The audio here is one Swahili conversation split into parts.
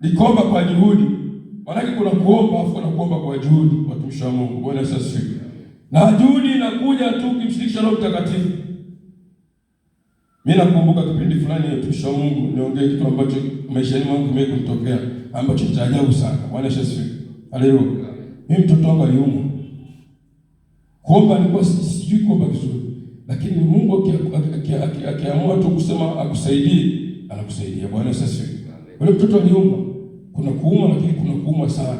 Ni kuomba kwa juhudi. Maanake kuna kuomba afu kuna kuomba kwa juhudi, watumishi wa Mungu. Bwana Yesu asifiwe. Na juhudi inakuja tu ukimshirikisha Roho Mtakatifu. Mimi nakumbuka kipindi fulani ya wa Mungu niongee kitu ambacho maishani mwangu kimekuwa kumtokea ambacho cha ajabu sana. Bwana Yesu asifiwe. Haleluya. Mimi mtoto wangu aliumwa. Kuomba ni kwa sijui kuomba vizuri. Lakini Mungu akiamua tu kusema akusaidie anakusaidia. Bwana sasa, yule mtoto aliumwa, kuna kuumwa, lakini kuna kuumwa sana.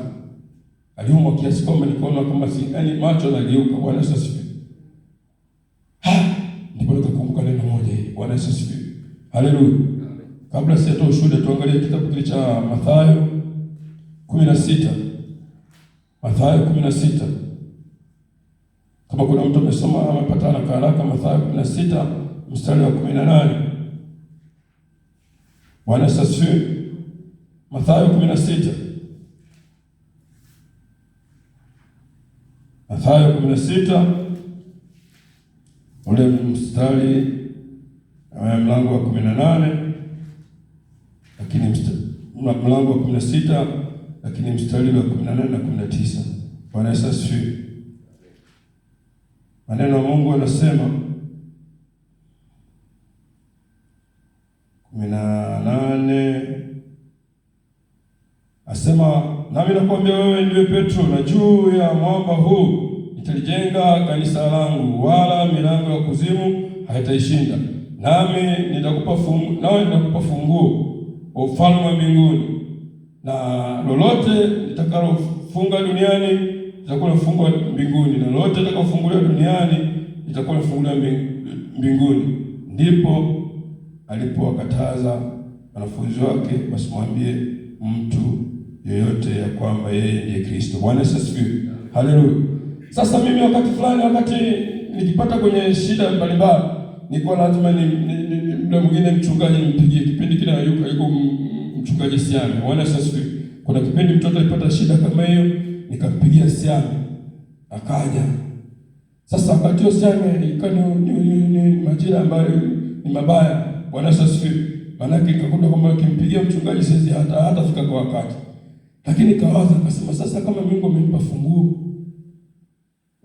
Aliumwa kiasi kwamba nikaona kama si yani macho naliuka. Bwana sasa, ha ndipo nikakumbuka neno moja hili. Bwana sasa, haleluya. Kabla sijatoa ushuhuda, tuangalie kitabu kile cha Mathayo 16 Mathayo 16 kama kuna mtu amesoma amepata nakala haraka, Mathayo 16 mstari wa 18. Bwana asifiwe. Mathayo kumi na sita Mathayo kumi na sita ule mstari mlango wa kumi na nane lakini mlango wa kumi na sita lakini mstari wa kumi na nane na kumi na tisa Bwana asifiwe. Maneno ya Mungu anasema kumi na akasema, nami nakwambia wewe ndiwe Petro, na juu ya mwamba huu nitalijenga kanisa langu, wala milango ya kuzimu haitaishinda. Nami nitakupa fungu, nawe nitakupa funguo wa ufalme wa mbinguni, na lolote litakalofunga duniani litakuwa lifungwa mbinguni, na lolote litakalofunguliwa duniani litakuwa lifunguliwa mbinguni. Ndipo alipowakataza wanafunzi wake wasimwambie mtu yoyote ya kwamba yeye ndiye Kristo. Bwana Yesu asifiwe. Haleluya. Sasa mimi wakati fulani, wakati nikipata kwenye shida mbalimbali, nilikuwa lazima ni, ni, ni mda mwingine mchungaji nimpigie. Kipindi kile hayuko yuko mchungaji Siani. Bwana Yesu asifiwe. Kuna kipindi mtoto alipata shida kama hiyo, nikampigia Siani akaja. Sasa wakati huo Siami ilikuwa ni, ni, ni majira ambayo ni mabaya. Bwana Yesu asifiwe. Maanake ikakuta kwamba ukimpigia mchungaji sisi hata hatafika kwa wakati lakini kawaza akasema, sasa kama Mungu amenipa funguo,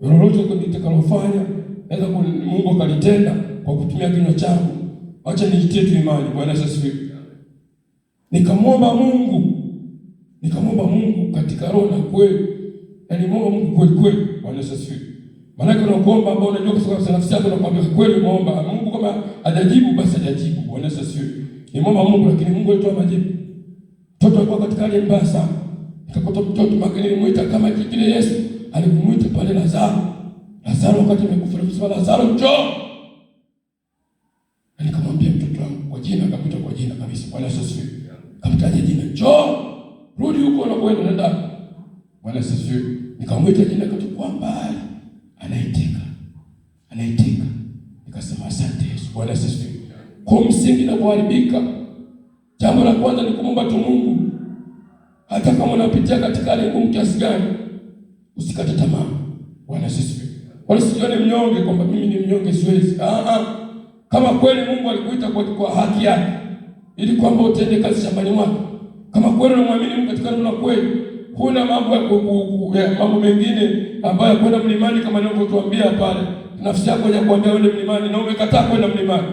lolote nitakalofanya naweza Mungu akalitenda kwa kutumia kinywa changu, acha nijitie tu imani. Bwana asifiwe. Nikamwomba Mungu, nikamwomba Mungu katika roho na kweli, nilimwomba yaani, Mungu kweli kweli. Bwana asifiwe. Maanake unakuomba ambao unajua kwa sababu nafsi yako inakwambia kweli, umeomba Mungu, kama hajajibu basi hajajibu. Bwana asifiwe. Nimwomba Mungu, lakini Mungu alitoa majibu. Mtoto alikuwa katika hali mbaya sana Alikuta mtoto Magdalena alimwita kama kingine Yesu alikumwita pale Lazaro. Lazaro wakati amekufa alisema Lazaro njoo. Alikamwambia mtoto wangu kwa jina akakuta kwa jina kabisa. Bwana Yesu asifiwe. Kamtaja jina njoo. Rudi huko na kwenda nenda. Bwana Yesu asifiwe. Nikamwita jina kwa mbali. Anaitika. Anaitika. Nikasema asante Yesu. Bwana Yesu asifiwe. Kwa msingi na kuharibika. Jambo la kwanza ni kumomba tu Mungu hata kama unapitia katika hali ngumu kiasi gani, usikate tamaa. Bwana sisi wala sijione mnyonge kwamba mimi ni mnyonge siwezi. Ah ah, kama kweli Mungu alikuita kwa, kwa haki yake ili kwamba utende kazi shambani mwako, kama kweli unamwamini Mungu katika neno kweli, huna mambo ya mambo mengine ambayo kwenda mlimani kama nilivyotuambia pale, nafsi yako ya kuambia uende mlimani na umekataa kwenda mlimani,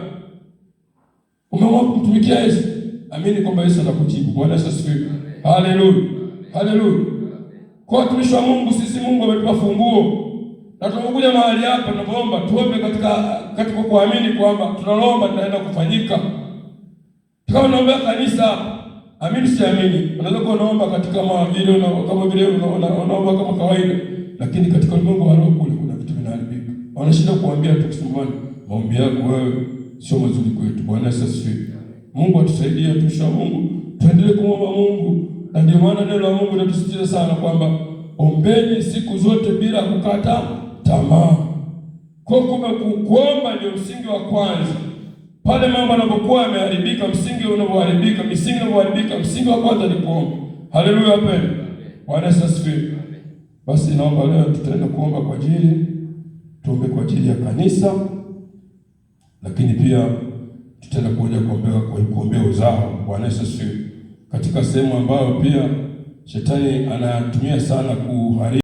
umeamua kumtumikia Yesu, amini kwamba Yesu atakujibu. Bwana asifiwe. Haleluya, haleluya. Kwa watumishi wa Mungu, sisi Mungu ametupa funguo na tunakuja mahali hapa tunapoomba tuombe katika katika kuamini kwamba tunaloomba tunaenda kufanyika. Kama unaombea kanisa hapa, amini siamini, unaweza kuwa unaomba katika na kama vile unaomba kama kawaida, lakini katika ulimwengu wa roho kule kuna vitu vinaharibika. Wanashinda kuambia tukusumbani, maombi yako wewe sio mazuri kwetu. Bwana Yesu asifiwe. Mungu atusaidie, tusha Mungu tuendelee kumwomba Mungu na ndio maana neno la Mungu linatusisitiza sana kwamba ombeni siku zote bila kukata tamaa. Kwa kumbe kuomba ndio msingi wa kwanza. Pale mambo yanapokuwa yameharibika, msingi unavyoharibika msingi unapoharibika, msingi wa kwanza ni kuomba. Haleluya pendo. Bwana asifiwe. Basi naomba leo tutaenda kuomba kwa ajili tuombe kwa ajili ya kanisa, lakini pia tutaenda kuja kuombea kwa kuombea uzao. Bwana asifiwe katika sehemu ambayo pia shetani anatumia sana kuharibu